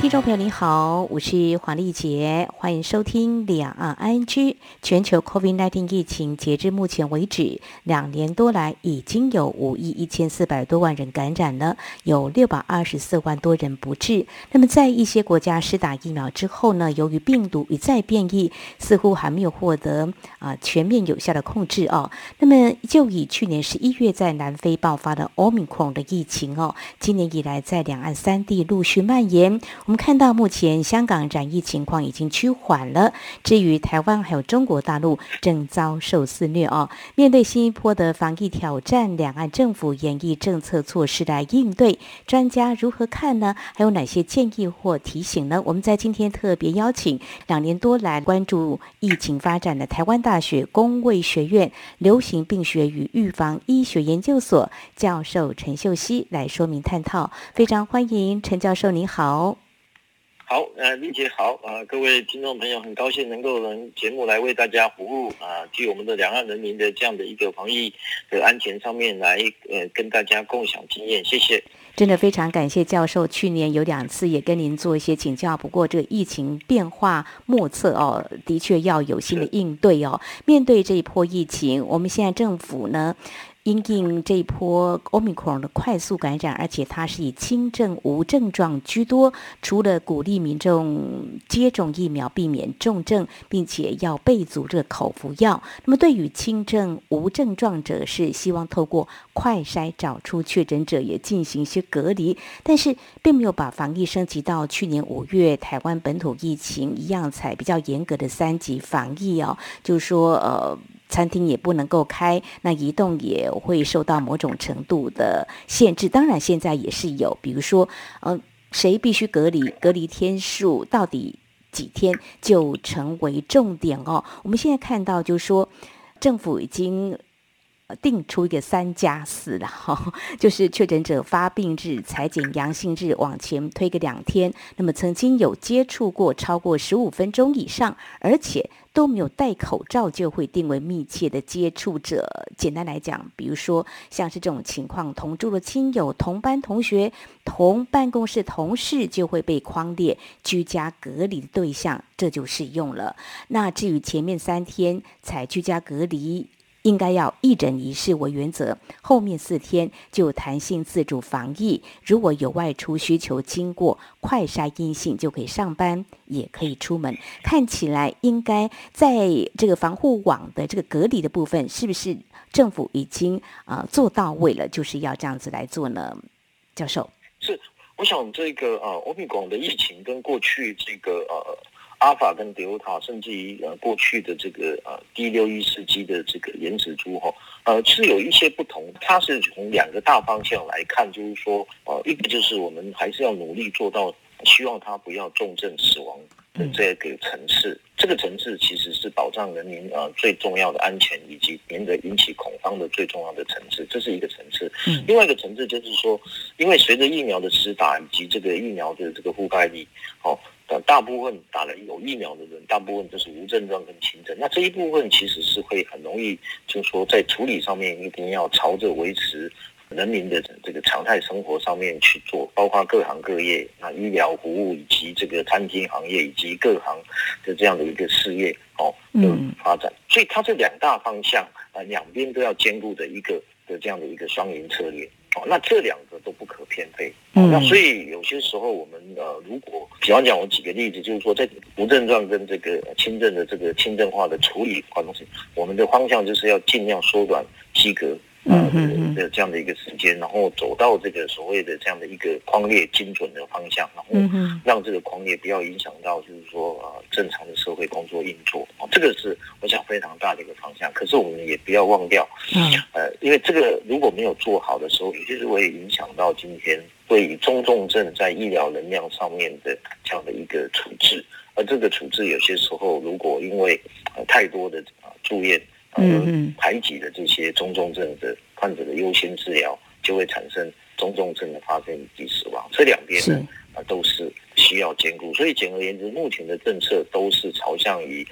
聽眾朋友，你好，我是黃麗杰，歡迎收聽《兩岸 ING》。全球 COVID-19 疫情截至目前為止，兩年多來已經有五億一千四百多萬人感染了，有六百二十四萬多人不治。那麼，在一些國家施打疫苗之後呢，由於病毒一再變異，似乎還沒有獲得啊、呃、全面有效的控制哦。那麼，就以去年十一月在南非爆發的 Omicron 的疫情哦，今年以來在兩岸三地陸續蔓延。我們看到目前香港染疫情況已經趨緩了，至於台灣還有中國大陸正遭受肆虐哦。面對新一波的防疫挑戰，兩岸政府研議政策措施來應對，專家如何看呢？還有哪些建議或提醒呢？我們在今天特別邀請兩年多來關注疫情發展的台灣大學公衛學院流行病學與預防醫學研究所教授陳秀熙來說明探討。非常歡迎陳教授，您好。好，呃，麗姐好，啊、呃，各位聽眾朋友，很高興能夠能節目來為大家服務啊、呃，據我們的兩岸人民的這樣的一個防疫的安全上面來，呃，跟大家共享經驗，謝謝。真的非常感謝教授，去年有兩次也跟您做一些請教，不過這個疫情變化莫測哦，的確要有新的應對哦。是面對這一波疫情，我們現在政府呢？因應這一波 Omicron 的快速感染，而且它是以輕症、無症狀居多，除了鼓勵民眾接種疫苗，避免重症，並且要備足這個口服藥。那麼，對於輕症、無症狀者，是希望透過快篩找出確診者，也進行一些隔離。但是，並沒有把防疫升級到去年五月台灣本土疫情一樣，採比較嚴格的三級防疫哦，就是說，呃。餐廳也不能夠開，那移動也會受到某種程度的限制。當然，現在也是有，比如說，嗯、呃，誰必須隔離，隔離天數到底幾天就成為重點哦。我們現在看到就是，就說政府已經定出一個三加四了，哦，哈，就是確診者發病日、採檢陽性日往前推個兩天，那麼曾經有接觸過超過十五分鐘以上，而且。都沒有戴口罩，就會定為密切的接觸者。簡單來講，比如說像是這種情況，同住的親友、同班同學、同辦公室同事，就會被匡列，居家隔離的對象，這就適用了。那至於前面三天才居家隔離，應該要一診一室為原則，後面四天就彈性自主防疫。如果有外出需求，經過快篩陰性就可以上班，也可以出門。看起來應該在這個防護網的這個隔離的部分，是不是政府已經啊、呃、做到位了？就是要這樣子來做呢？教授，是，我想這個啊，Omicron 的疫情跟過去這個啊。阿爾法跟德爾塔，甚至於呃過去的這個呃 D614G 的這個原始株哈，呃是有一些不同。它是從兩個大方向來看，就是說，呃，一個就是我們還是要努力做到，希望它不要重症死亡。嗯、這個層次，這個層次其實是保障人民啊最重要的安全，以及免得引起恐慌的最重要的層次，這是一個層次。嗯，另外一個層次就是說，因為隨着疫苗的施打以及這個疫苗的這個覆蓋率，好、哦，大部分打了有疫苗的人，大部分都是無症狀跟輕症，那這一部分其實是會很容易，就是說在處理上面一定要朝着維持。人民的這個常態生活上面去做，包括各行各業，那醫療服務以及這個餐廳行業以及各行的這樣的一個事業哦的發展，所以它這兩大方向啊，兩邊都要兼顧的一個的這樣的一個雙贏策略哦，那這兩個都不可偏廢，哦。那所以有些時候我們呃，如果比方講，我舉個例子，就是說在無症狀跟這個輕症的這個輕症化的處理方面，我們的方向就是要盡量縮短間隔。嗯，的、嗯、這樣的一個時間，然後走到這個所謂的這樣的一個匡列，精準的方向，然後讓這個匡列不要影響到就是說啊、呃、正常的社會工作運作啊，這個是我想非常大的一個方向。可是我們也不要忘掉，嗯，呃，因為這個如果沒有做好的時候，有些是會影響到今天對於中重，重症在醫療能量上面的這樣的一個處置，而、呃、這個處置有些時候如果因為、呃、太多的啊、呃、住院。嗯，排擠的這些中重症的患者的優先治療，就會產生中重症的發生以及死亡。這兩邊呢，啊都是需要兼顧。所以簡而言之，目前的政策都是朝向於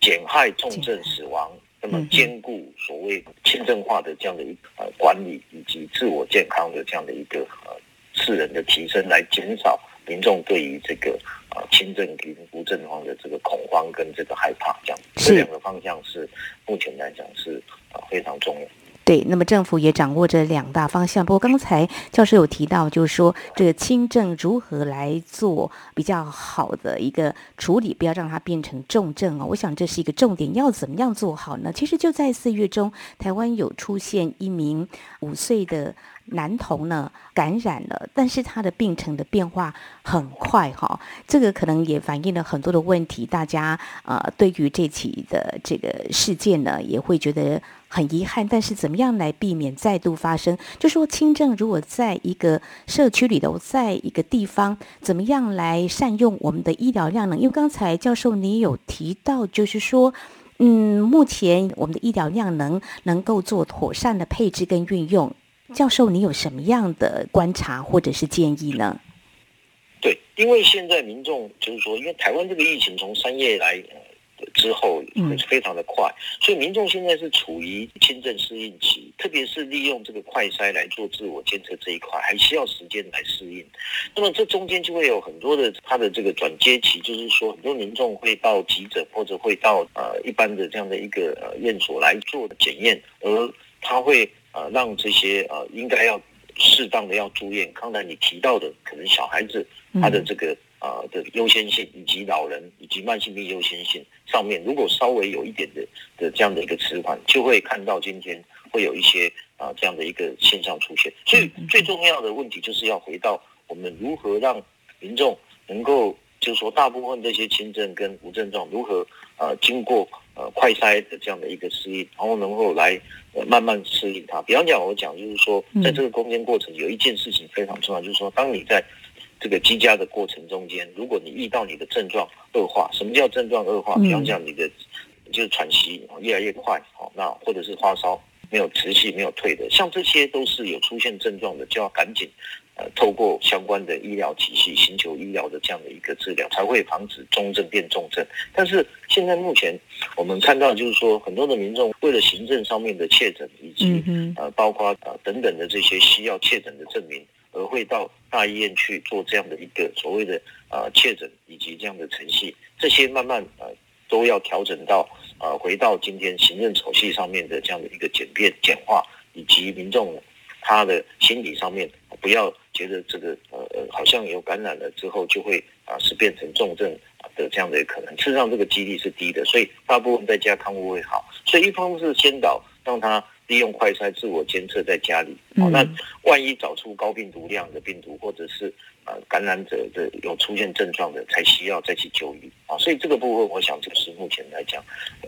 減害重症死亡，那麼兼顧所謂輕症化的這樣的一個管理，以及自我健康的這樣的一個呃識能的提升，來減少。民眾對於這個啊，輕症跟無症狀的這個恐慌跟這個害怕這，這樣這兩個方向是目前來講是啊，非常重要。對，那麼政府也掌握着兩大方向。不過剛才教授有提到，就是說這個輕症如何來做比較好的一個處理，不要讓它變成重症哦。我想這是一個重點，要怎麼樣做好呢？其實就在四月中，台灣有出現一名五歲的男童呢感染了，但是他的病程的變化很快哈、哦，這個可能也反映了很多的問題。大家啊、呃，對於這起的這個事件呢，也會覺得。很遺憾，但是怎麼樣來避免再度發生？就說輕症如果在一個社區裡頭，在一個地方，怎麼樣來善用我們的醫療量能？因為剛才教授你有提到，就是說，嗯，目前我們的醫療量能能夠做妥善的配置跟運用。教授，你有什麼樣的觀察或者是建議呢？對，因為現在民眾就是說，因為台灣這個疫情從三月來。之後也非常的快，所以民眾現在是處於輕症適應期，特別是利用這個快篩來做自我檢測這一塊，還需要時間來適應。那麼這中間就會有很多的他的這個轉接期，就是說很多民眾會到急診或者會到呃一般的這樣的一個呃院所來做檢驗，而他會呃讓這些呃應該要適當的要住院。剛才你提到的，可能小孩子他的這個。啊、呃、的優先性，以及老人以及慢性病優先性上面，如果稍微有一點的的這樣的一個遲緩，就會看到今天會有一些啊、呃、這樣的一個現象出現。所以最重要的問題就是要回到我們如何讓民眾能夠，就是說大部分這些輕症跟無症狀如何啊、呃、經過呃快篩的這樣的一個適應，然後能夠來、呃、慢慢適應它。比方講，我講就是說，在這個空間過程，有一件事情非常重要，就是說當你在。這個居家的過程中間，如果你遇到你的症狀惡化，什麼叫症狀惡化？比方這樣，你的就是喘息越來越快，好，那或者是發燒沒有持續沒有退的，像這些都是有出現症狀的，就要趕緊，呃，透過相關的醫療體系尋求醫療的這樣的一個治療，才會防止中症變重症。但是現在目前我們看到就是說，很多的民眾為了行政上面的確診，以及呃，包括呃等等的這些需要確診的證明。而會到大醫院去做這樣的一個所謂的啊、呃、確診，以及這樣的程序，這些慢慢啊、呃、都要調整到啊、呃、回到今天行政程序上面的這樣的一個簡便簡化，以及民眾他的心理上面不要覺得這個呃呃好像有感染了之後就會啊、呃、是變成重症的這樣的一個可能，事實上這個幾率是低的，所以大部分在家康復會好，所以一方面是先導讓他。利用快篩自我監測在家裡，嗯哦，那萬一找出高病毒量的病毒，或者是、呃、感染者的有出現症狀的，才需要再去就醫啊、哦。所以這個部分，我想這個是目前來講，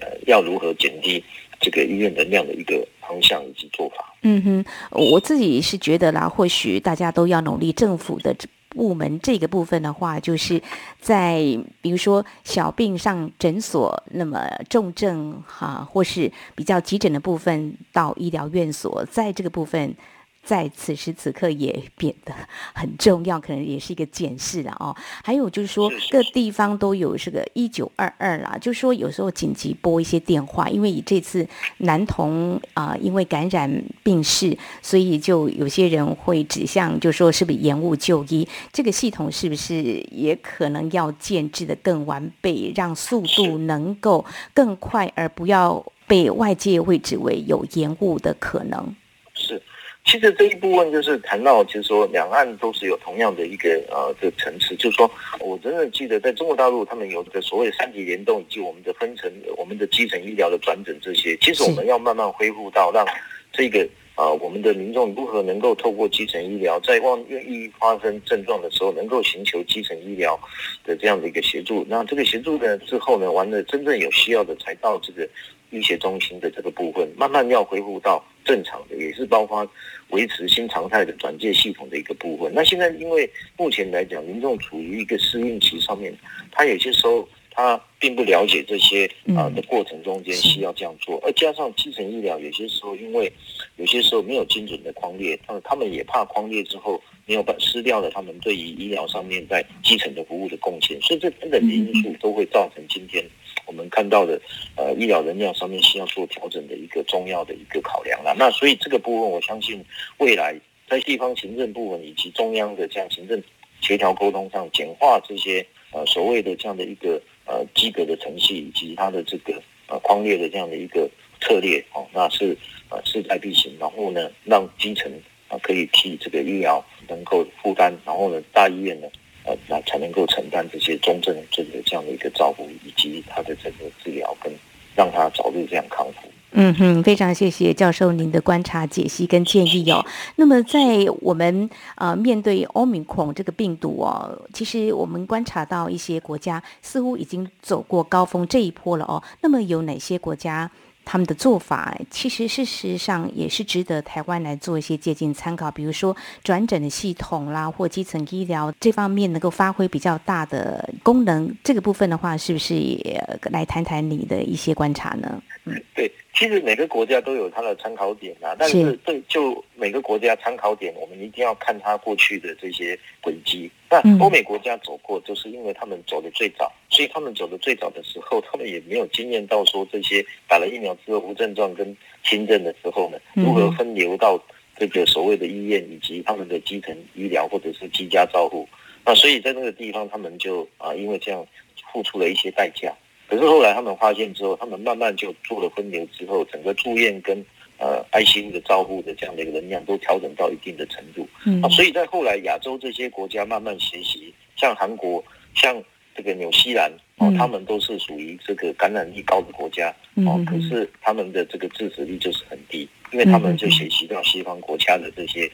呃，要如何減低這個醫院能量的一個方向以及做法。嗯哼，我自己是覺得啦，或許大家都要努力，政府的部門這個部分的話，就是在比如說小病上診所，那麼重症哈，啊，或是比較急診的部分到醫療院所在這個部分。在此時此刻也變得很重要，可能也是一個檢視了哦。還有就是說，是是是各地方都有這個一九二二了，就是、說有時候緊急撥一些電話，因為以這次男童啊、呃，因為感染病逝，所以就有些人會指向，就說是不是延誤就醫？這個系統是不是也可能要建制的更完備，讓速度能夠更快，而不要被外界會指為有延誤的可能？是,是。其實這一部分就是談到，就是說兩岸都是有同樣的一個呃的層次，就是說我真的記得在中國大陸，他們有這個所謂三級聯動以及我們的分層、我們的基層醫療的轉診這些。其實我們要慢慢恢復到讓這個啊、呃、我們的民眾如何能夠透過基層醫療，在萬一發生症狀的時候，能夠尋求基層醫療的這樣的一個協助。那這個協助呢之後呢，完了真正有需要的才到這個醫學中心的這個部分，慢慢要恢復到。正常的也是包括維持新常態的轉介系統的一個部分。那現在因為目前來講，民眾處於一個適應期上面，他有些時候。他並不了解這些啊的過程中間需要這樣做，而加上基層醫療有些時候因為有些時候沒有精準的匡列，他們他們也怕匡列之後沒有辦失掉了他們對於醫療上面在基層的服務的貢獻，所以這等等的因素都會造成今天我們看到的呃醫療能量上面需要做調整的一個重要的一個考量啦。那所以這個部分我相信未來在地方行政部分以及中央的這樣行政協調溝通上簡化這些呃所謂的這樣的一個。呃，及格的程序，以及它的這個呃匡列的這樣的一個策略哦，那是呃勢在必行。然後呢，讓基層啊、呃、可以替這個醫療能夠負擔，然後呢大醫院呢呃那才能夠承擔這些重症這個這樣的一個照顧，以及它的這個治療跟讓他早日這樣康復。嗯哼，非常謝謝教授您的觀察、解析跟建議哦。那麼，在我們啊、呃、面對 Omicron 這個病毒哦，其實我們觀察到一些國家似乎已經走過高峰這一波了哦。那麼，有哪些國家？他們的做法，其實事實上也是值得台灣來做一些借鑒參考。比如說轉診的系統啦，或基層醫療這方面能夠發揮比較大的功能，這個部分的話，是不是也來談談你的一些觀察呢？嗯，對，其實每個國家都有它的參考點吶、啊，是，但是對，就每個國家參考點，我們一定要看它過去的這些軌跡。但歐美國家走過，就是因為他們走得最早。所以他們走的最早的時候，他們也沒有經驗到說這些打了疫苗之後無症狀跟輕症的時候呢，如何分流到這個所謂的醫院以及他們的基層醫療或者是居家照護。那所以在那個地方，他們就啊、呃，因為這樣付出了一些代價。可是後來他們發現之後，他們慢慢就做了分流之後，整個住院跟呃 ICU 的照護的這樣的一個能量都調整到一定的程度。嗯、啊，所以在後來亞洲這些國家慢慢學習，像韓國，像。這個紐西蘭哦，他們都是屬於這個感染力高的國家哦，可是他們的這個致死率就是很低，因為他們就學習到西方國家的這些，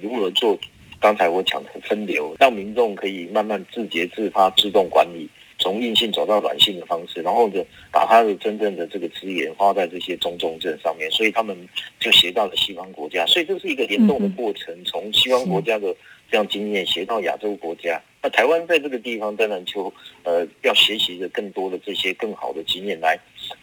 如何做。剛才我講的分流，讓民眾可以慢慢自覺自發自動管理，從硬性走到軟性的方式，然後呢把他的真正的這個資源花在這些中重,重症上面，所以他們就學到了西方國家，所以這是一個聯動的過程，從西方國家的這樣經驗學到亞洲國家。那台灣在這個地方，當然就呃要學習着更多的這些更好的經驗來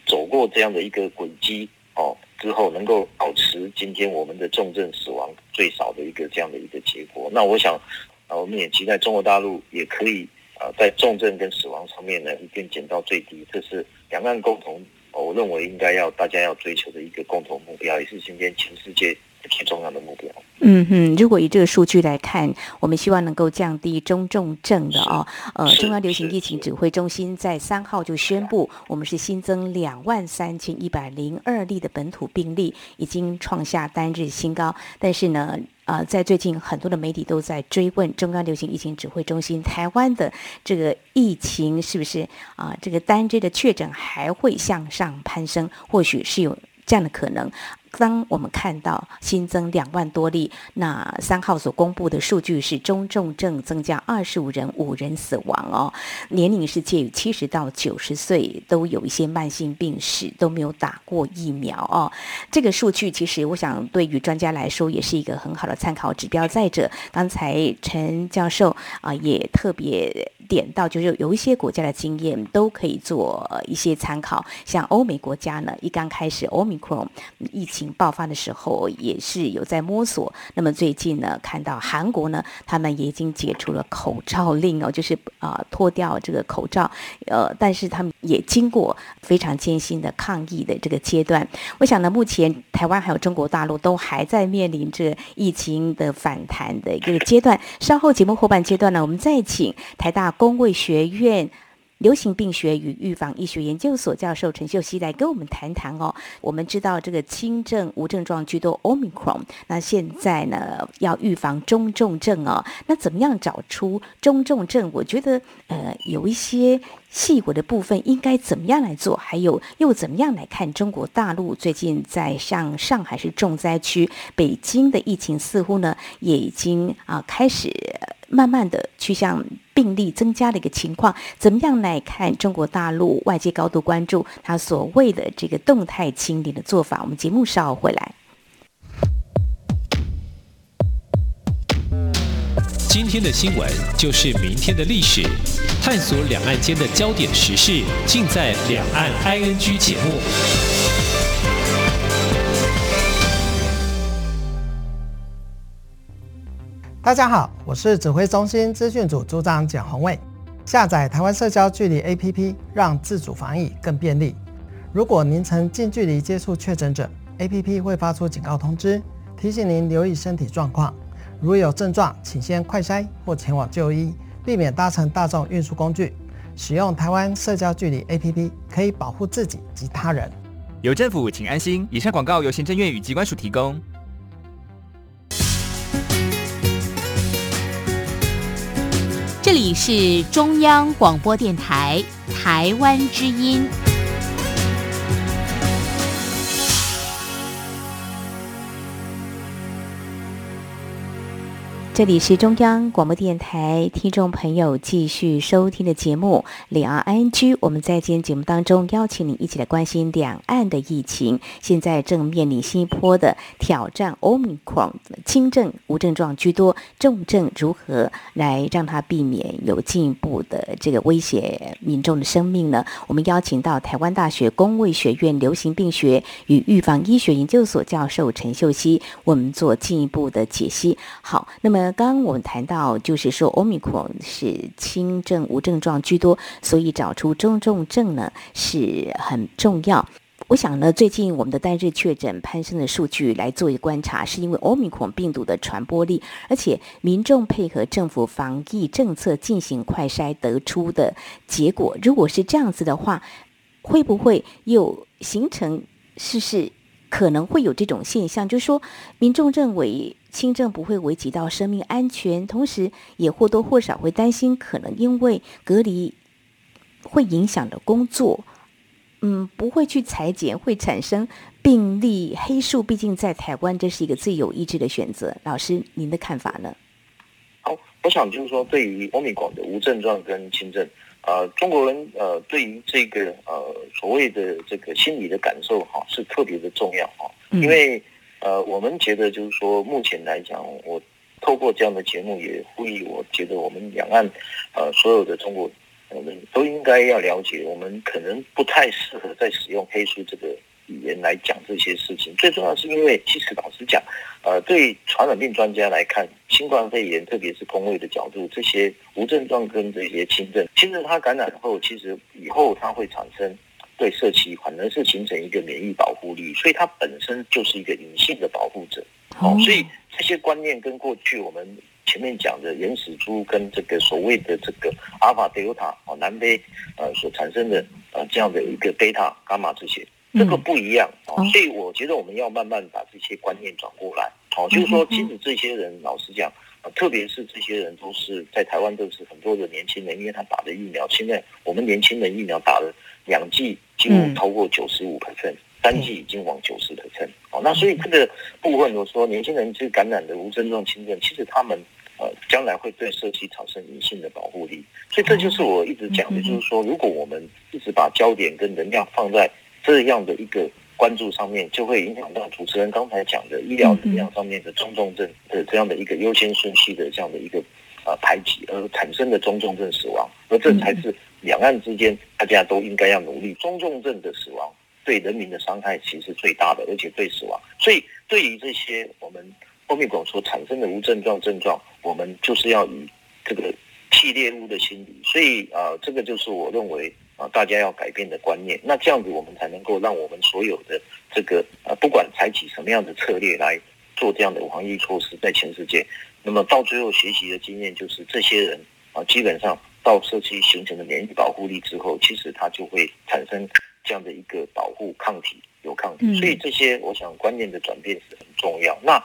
走過這樣的一個軌跡哦，之後能夠保持今天我們的重症死亡最少的一個這樣的一個結果。那我想啊，我們也期待中國大陸也可以啊、呃、在重症跟死亡上面呢，一定減到最低。這是兩岸共同、哦、我認為應該要大家要追求的一個共同目標，也是今天全世界。很重要的目標。嗯哼，如果以這個數據來看，我們希望能夠降低中重症的哦。是呃，是中央流行疫情指揮中心在三號就宣布，我們是新增兩萬三千一百零二例的本土病例，已經創下單日新高。但是呢，呃，在最近很多的媒體都在追問中央流行疫情指揮中心，台灣的這個疫情是不是啊，呃，這個單日的確診還會向上攀升？或許是有這樣的可能。當我們看到新增兩萬多例，那三號所公布的數據是中重症增加二十五人，五人死亡哦，年齡是介於七十到九十歲，都有一些慢性病史，都沒有打過疫苗哦。這個數據其實我想對於專家來說也是一個很好的參考指標。再者，剛才陳教授啊，呃，也特別。點到，就是有一些國家的經驗都可以做一些參考，像歐美國家呢，一剛開始 Omicron 疫情爆發的時候也是有在摸索。那麼最近呢，看到韓國呢，他們也已經解除了口罩令哦，就是啊脫掉這個口罩，呃，但是他們也經過非常艱辛的抗疫的這個階段。我想呢，目前台灣還有中國大陸都還在面臨着疫情的反彈的一個階段。稍後節目後半階段呢，我們再請台大。公衛學院流行病學與預防醫學研究所教授陳秀熙來跟我們談談哦。我們知道這個輕症、無症狀居多，Omicron。那現在呢，要預防中重症哦。那怎麼樣找出中重症？我覺得呃，有一些細微的部分應該怎麼樣來做？還有又怎麼樣來看中國大陸最近在像上海市重災區、北京的疫情，似乎呢也已經啊、呃、開始慢慢的趨向病例增加的一個情況，怎麼樣來看？中國大陸外界高度關注他所謂的這個動態清零的做法。我們節目稍後回來。今天的新聞就是明天的歷史，探索兩岸間的焦點時事，盡在《兩岸 ING》節目。大家好，我是指揮中心資訊組組長簡宏偉。下載台灣社交距離 APP，讓自主防疫更便利。如果您曾近距離接觸確診者，APP 會發出警告通知，提醒您留意身體狀況。如有症狀，請先快篩或前往就醫，避免搭乘大眾運輸工具。使用台灣社交距離 APP 可以保護自己及他人。有政府，請安心。以上廣告由行政院與疾管署提供。這裡是中央廣播電台《台灣之音》。這裡是中央廣播電台聽眾朋友繼續收聽的節目《兩岸 ING》，我們在今天節目當中邀請您一起來關心兩岸的疫情，現在正面臨新一波的挑戰，Omicron，輕症，無症狀居多，重症如何來讓它避免有進一步的這個威脅民眾的生命呢？我們邀請到台灣大學公衛學院流行病學與預防醫學研究所教授陳秀熙，我們做進一步的解析。好，那麼。那剛剛我們談到，就是說，奧密克戎是輕症、無症狀居多，所以找出中、重症呢是很重要。我想呢，最近我們的單日確診攀升的數據來做一個觀察，是因為奧密克戎病毒的傳播力，而且民眾配合政府防疫政策進行快篩得出的結果。如果是這樣子的話，會不會又形成試試？是是可能會有這種現象？就是說，民眾認為。輕症不會危及到生命安全，同時也或多或少會擔心，可能因為隔離會影響的工作。嗯，不會去篩檢，會產生病例黑數，畢竟在台灣這是一個最有意志的選擇。老師，您的看法呢？好，我想就是說，對於 Omicron 的無症狀跟輕症，呃，中國人呃，對於這個呃所謂的這個心理的感受哈、啊，是特別的重要哈、啊，因為。呃，我們覺得就是說，目前來講，我透過這樣的節目也呼籲我，我覺得我們兩岸，呃，所有的中國，我、呃、們都應該要了解，我們可能不太適合再使用黑數這個語言來講這些事情。最重要是因為，其實老實講，呃，對傳染病專家來看，新冠肺炎，特別是公衛的角度，這些無症狀跟這些輕症，輕症它感染後，其實以後它會產生。對社區反而是形成一個免疫保護力，所以它本身就是一個隱性的保護者。所以這些觀念跟過去我們前面講的原始株跟這個所謂的這個阿爾法、德爾塔，哦，南非呃所產生的啊這樣的一個貝塔、伽馬這些，這個不一樣。所以我覺得我們要慢慢把這些觀念轉過來。好，就是說，其實這些人老實講，特別是這些人都是在台灣，都是很多的年輕人，因為他打的疫苗，現在我們年輕人疫苗打的。兩劑幾乎超過九十五%三劑已經往九十%哦，那所以這個部分，我說年輕人是感染的無症狀輕症，其實他們呃將來會對社區產生隱性的保護力。所以這就是我一直講的，就是說如果我們一直把焦點跟能量放在這樣的一個關注上面，就會影響到主持人剛才講的醫療能量上面的中重症的這樣的一個優先順序的這樣的一個。呃，排擠而產生的中重症死亡，那這才是兩岸之間大家都應該要努力。中重症的死亡對人民的傷害其實是最大的，而且最死亡。所以對於這些我們奧密克戎所產生的無症狀症狀，我們就是要以這個系列物的心理。所以啊，這個就是我認為啊，大家要改變的觀念。那這樣子，我們才能夠讓我們所有的這個呃，不管採取什麼樣的策略來。做這樣的防疫措施，在全世界，那麼到最後學習的經驗就是，這些人啊，基本上到社區形成的免疫保護力之後，其實它就會產生這樣的一個保護抗體，有抗體。所以這些，我想觀念的轉變是很重要。那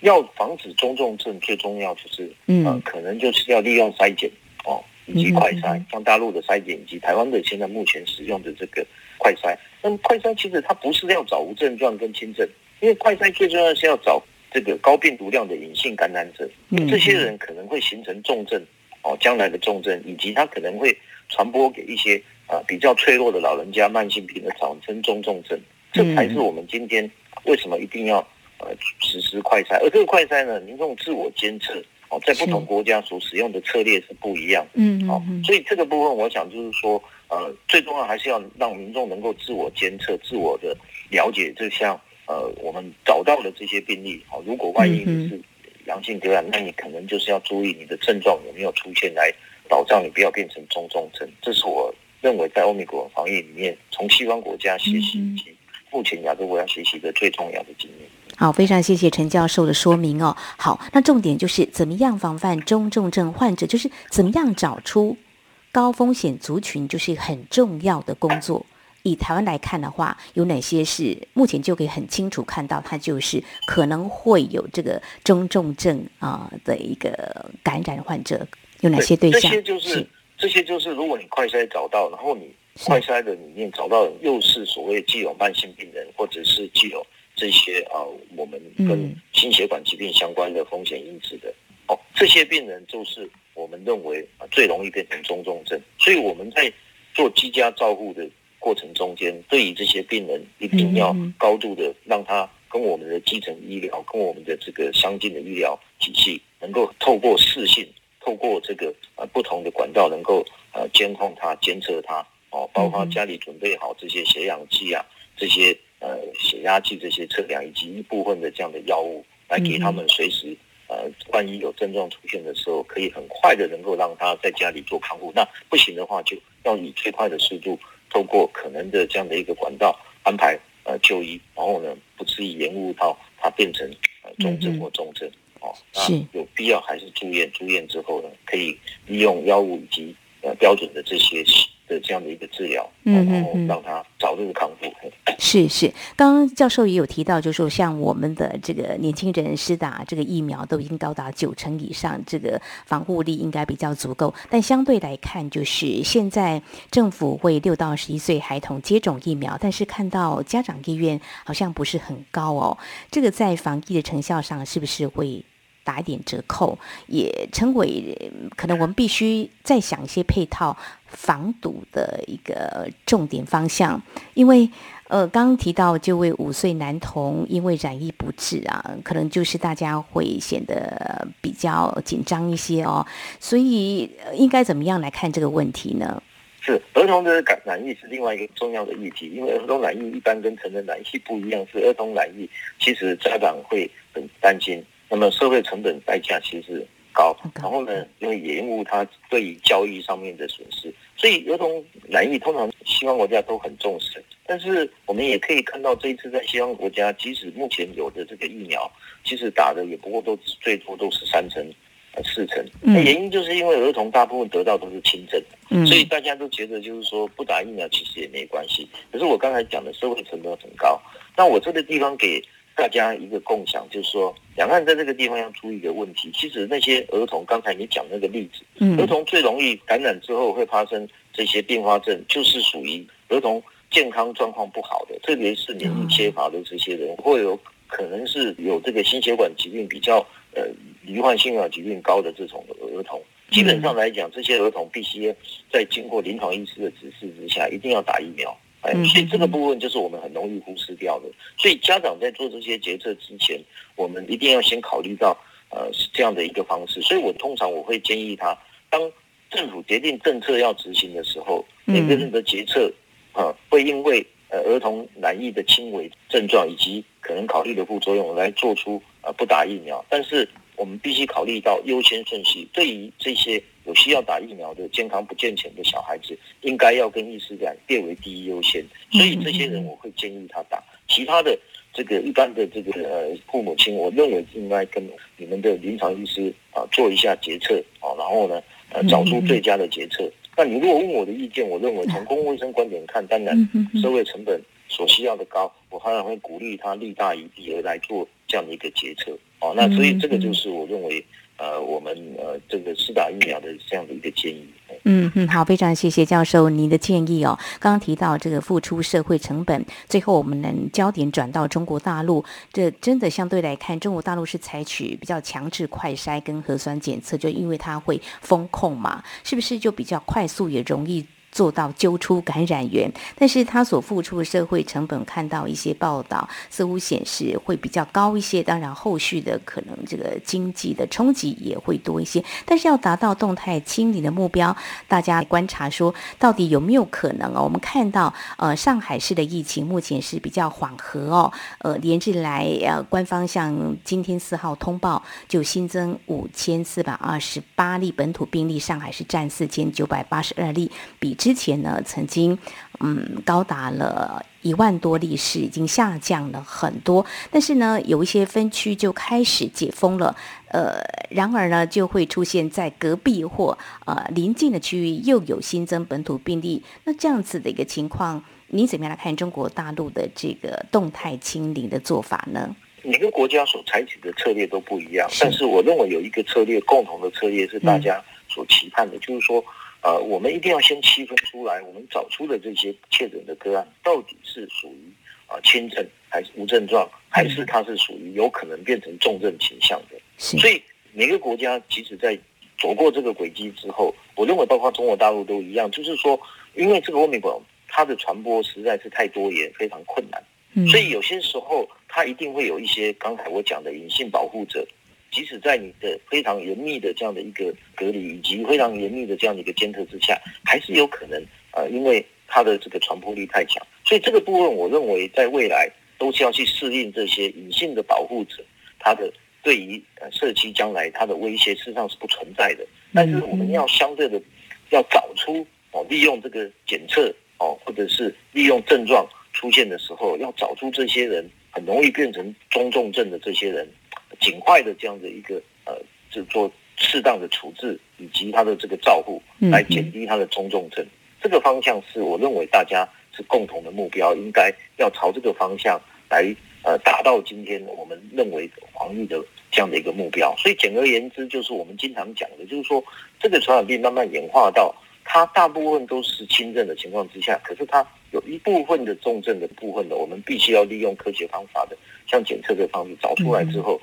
要防止中重症，最重要就是，嗯，可能就是要利用篩檢哦，以及快篩，像大陸的篩檢以及台灣的現在目前使用的這個快篩。那麼快篩其實它不是要找無症狀跟輕症。因為快篩，最重要的是要找這個高病毒量的隱性感染者，這些人可能會形成重症哦，將來的重症，以及他可能會傳播給一些啊、呃、比較脆弱的老人家、慢性病的長生中重，重症，這才是我們今天為什麼一定要呃實施快篩。而這個快篩呢，民眾自我監測哦，在不同國家所使用的策略是不一樣。嗯是，好、哦，所以這個部分我想就是說，呃，最重要還是要讓民眾能夠自我監測、自我的了解這項。就像呃，我們找到了這些病例。好，如果萬一你是陽性感染，嗯，那你可能就是要注意你的症狀有沒有出現來來保障你不要變成中重症。這是我認為在歐美國防疫裡面，從西方國家學習以及目前亞洲國家學習的最重要的經驗。好，非常謝謝陳教授的說明哦。好，那重點就是怎麼樣防範中重症患者，就是怎麼樣找出高風險族群，就是很重要的工作。以台灣來看的話，有哪些是目前就可以很清楚看到，它就是可能會有這個中重症啊、呃、的一個感染患者有哪些對象？這些就是這些就是，是就是如果你快篩找到，然後你快篩的裡面找到，又是所謂既有慢性病人，或者是既有這些啊、呃、我們跟心血管疾病相關的風險因子的、嗯、哦，這些病人就是我們認為啊最容易變成中重症，所以我們在做居家照顧的，過程中間，對於這些病人，一定要高度的讓他跟我們的基層醫療、跟我們的這個相近的醫療體系，能夠透過視訊、透過這個呃不同的管道，能夠呃監控他、監測他哦，包括家裡準備好這些血氧計啊、這些呃血壓計、這些測量，以及一部分的這樣的藥物，來給他們隨時呃，萬一有症狀出現的時候，可以很快的能夠讓他在家裡做康復。那不行的話，就要以最快的速度。透過可能的這樣的一個管道，安排呃就醫，然後呢，不至於延誤到它變成呃中症或重症嗯嗯哦，那有必要還是住院？是住院之後呢，可以利用藥物以及呃標準的這些的這樣的一個治療嗯嗯嗯、哦，然後讓它。是是剛剛教授也有提到，就是說像我們的這個年輕人施打這個疫苗，都已經高達九成以上，這個防護力應該比較足夠。但相對來看，就是現在政府為六到十一歲孩童接種疫苗，但是看到家長意願好像不是很高哦。這個在防疫的成效上，是不是會？打一點折扣，也成為可能。我們必須再想一些配套防堵的一個重點方向，因為呃，剛剛提到這位五歲男童因為染疫不治啊，可能就是大家會顯得比較緊張一些哦。所以，呃，應該怎麼樣來看這個問題呢？是兒童的感染疫是另外一個重要的議題，因為兒童染疫一般跟成人染疫不一樣，是兒童染疫，其實家長會很擔心。那麼社會成本代價其實高，Okay. 然後呢，因為延誤它對於教育上面的損失，所以兒童染疫通常西方國家都很重視。但是我們也可以看到，這一次在西方國家，即使目前有的這個疫苗，其實打的也不過都最多都是三成、呃四成。嗯、那原因就是因為兒童大部分得到都是輕症，嗯、所以大家都覺得就是說不打疫苗其實也沒關係。可是我剛才講的社會成本很高，那我這個地方給。大家一個共享就是說，兩岸在這個地方要注意的問題。其實那些兒童，剛才你講那個例子，嗯、兒童最容易感染之後會發生這些併發症，就是屬於兒童健康狀況不好的，特別是免疫缺乏的這些人，嗯、或有可能是有這個心血管疾病比較呃罹患心血管疾病高的這種兒童。基本上來講，這些兒童必須在經過臨床醫師的指示之下，一定要打疫苗。哎，所以這個部分就是我們很容易忽視掉的。所以家長在做這些決策之前，我們一定要先考慮到，呃，是這樣的一個方式。所以我通常我會建議他，當政府決定政策要執行的時候，每個人的決策啊，會因為呃兒童難易的輕微症狀以及可能考慮的副作用來做出呃不打疫苗。但是我們必須考慮到優先順序，對於這些。有需要打疫苗的、健康不健全的小孩子，應該要跟醫師講，列為第一優先。所以這些人，我會建議他打。其他的這個一般的這個呃父母親，我認為應該跟你們的臨床醫師啊做一下決策啊，然後呢呃找出最佳的決策。那你如果問我的意見，我認為從公共衛生觀點看，當然社會成本所需要的高，我當然會鼓勵他利大於弊而來做這樣的一個決策。啊那所以這個就是我認為。呃，我們呃，這個施打疫苗的這樣的一個建議。嗯嗯，好，非常謝謝教授您的建議哦。剛剛提到這個付出社會成本，最後我們能焦點轉到中國大陸，這真的相對來看，中國大陸是採取比較強制快篩跟核酸檢測，就因為它會封控嘛，是不是就比較快速也容易？做到揪出感染源，但是他所付出的社會成本，看到一些報道，似乎顯示會比較高一些。當然後續的可能這個經濟的衝擊也會多一些。但是要達到動態清零的目標，大家觀察說到底有沒有可能啊？我們看到呃上海市的疫情目前是比較緩和哦，呃連日來呃官方向今天四號通報就新增五千四百二十八例本土病例，上海市佔四千九百八十二例，比。之前呢，曾經嗯高達了一萬多例，是已經下降了很多。但是呢，有一些分區就開始解封了。呃，然而呢，就會出現在隔壁或呃臨近的區域又有新增本土病例。那這樣子的一個情況，你怎麼樣來看中國大陸的這個動態清零的做法呢？每個國家所採取的策略都不一樣，是。但是我認為有一個策略，共同的策略是大家所期盼的，嗯、就是說。呃，我們一定要先區分出來，我們找出的這些確診的個案，到底是屬於啊輕症還是無症狀，還是它是屬於有可能變成重症傾向的。是所以每個國家即使在走過這個軌跡之後，我認為包括中國大陸都一樣，就是說，因為這個奧密克戎它的傳播實在是太多元，非常困難，所以有些時候它一定會有一些剛才我講的隱性保護者。即使在你的非常嚴密的這樣的一個隔離，以及非常嚴密的這樣的一個監測之下，還是有可能啊，因為它的這個傳播力太強，所以這個部分我認為在未來都是要去適應這些隱性的保護者，他的對於呃社區將來他的威脅事實上是不存在的，但是我們要相對的要找出哦，利用這個檢測哦，或者是利用症狀出現的時候要找出這些人很容易變成中重症的這些人。儘快的這樣的一個呃，就做適當的處置以及他的這個照護，來減低他的中重、重症，這個方向是我認為大家是共同的目標，應該要朝這個方向來呃，達到今天我們認為防疫的這樣的一個目標。所以簡而言之，就是我們經常講的，就是說這個傳染病慢慢演化到它大部分都是輕症的情況之下，可是它有一部分的重症的部分的，我們必須要利用科學方法的，像檢測的方式找出來之後，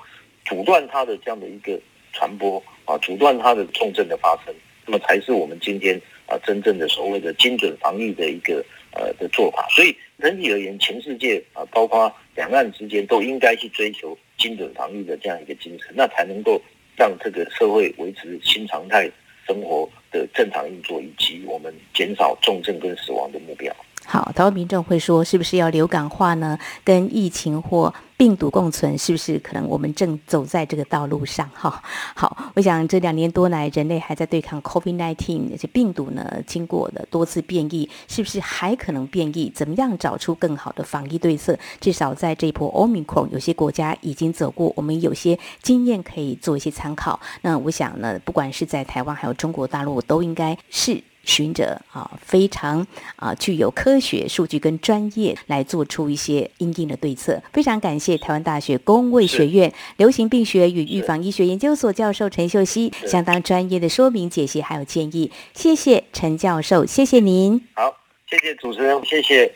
阻斷它的這樣的一個傳播啊，阻斷它的重症的發生，那麼才是我們今天啊真正的所謂的精準防疫的一個呃的做法。所以整體而言，全世界啊，包括兩岸之間，都應該去追求精準防疫的這樣一個精神，那才能夠讓這個社會維持新常態生活的正常運作，以及我們減少重症跟死亡的目標。好，台灣民眾會說，是不是要流感化呢？跟疫情或病毒共存，是不是可能我們正走在這個道路上？哈，好，我想這兩年多來，人類還在對抗 COVID-19，這病毒呢經過了多次變異，是不是還可能變異？怎麼樣找出更好的防疫對策？至少在這一波 Omicron，有些國家已經走過，我們有些經驗可以做一些參考。那我想呢，不管是在台灣還有中國大陸，我都應該是。循著啊，非常啊，具有科學數據跟專業來做出一些因應的對策。非常感謝台灣大學公衛學院是流行病學與預防醫學研究所教授陳秀熙，是相當專業的說明、解析還有建議。謝謝陳教授，謝謝您。好，謝謝主持人，謝謝。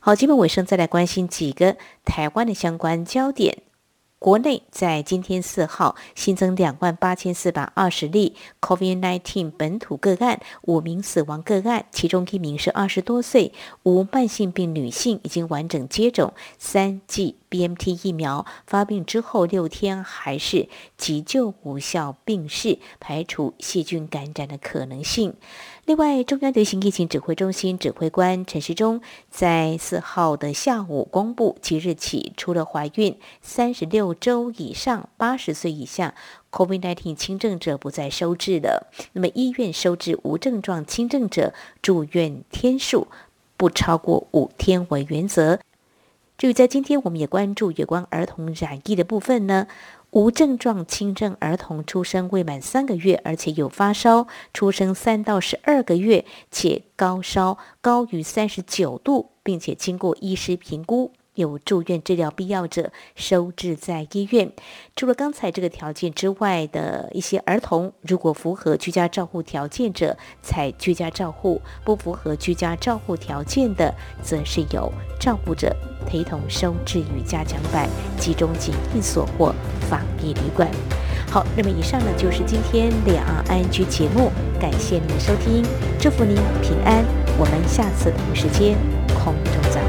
好，節目尾聲再來關心幾個台灣的相關焦點。國內在今天四號新增兩萬八千四百二十例 COVID-19 本土個案，五名死亡個案，其中一名是二十多歲、無慢性病女性，已經完整接種三劑 BNT 疫苗，發病之後六天還是急救無效病逝，排除細菌感染的可能性。另外，中央流行疫情指揮中心指揮官陳時中在四號的下午公布，即日起，除了懷孕三十六週以上、八十歲以下，COVID-19 輕症者不再收治了。那麼，醫院收治無症狀輕症者住院天數不超過五天為原則。至於在今天，我們也關注有關兒童染疫的部分呢。無症狀輕症兒童出生未滿三個月，而且有發燒；出生三到十二個月，且高燒，高於三十九度，並且經過醫師評估。有住院治療必要者收治在醫院。除了剛才這個條件之外的一些兒童，如果符合居家照護條件者才居家照護；不符合居家照護條件的，則是由照顧者陪同收治於加強版集中檢疫所或防疫旅館。好，那麼以上呢就是今天兩岸 ING 節目，感謝您的收聽，祝福您平安。我們下次同一時間，空中再。